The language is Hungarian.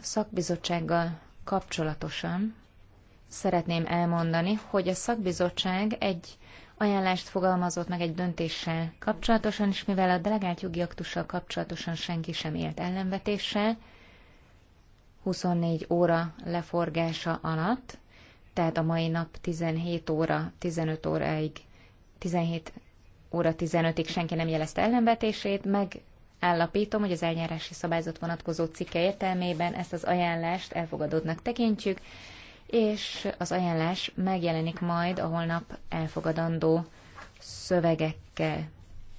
szakbizottsággal kapcsolatosan szeretném elmondani, hogy a szakbizottság egy ajánlást fogalmazott meg egy döntéssel kapcsolatosan, és mivel a delegált jogi aktussal kapcsolatosan senki sem élt ellenvetéssel, 24 óra leforgása alatt, tehát a mai nap 17 óra, 15 óráig, 17 óra 15-ig senki nem jelezte ellenvetését, meg Állapítom, hogy az eljárási szabályzat vonatkozó cikke értelmében ezt az ajánlást elfogadódnak tekintjük, és az ajánlás megjelenik majd a holnap elfogadandó szövegekkel.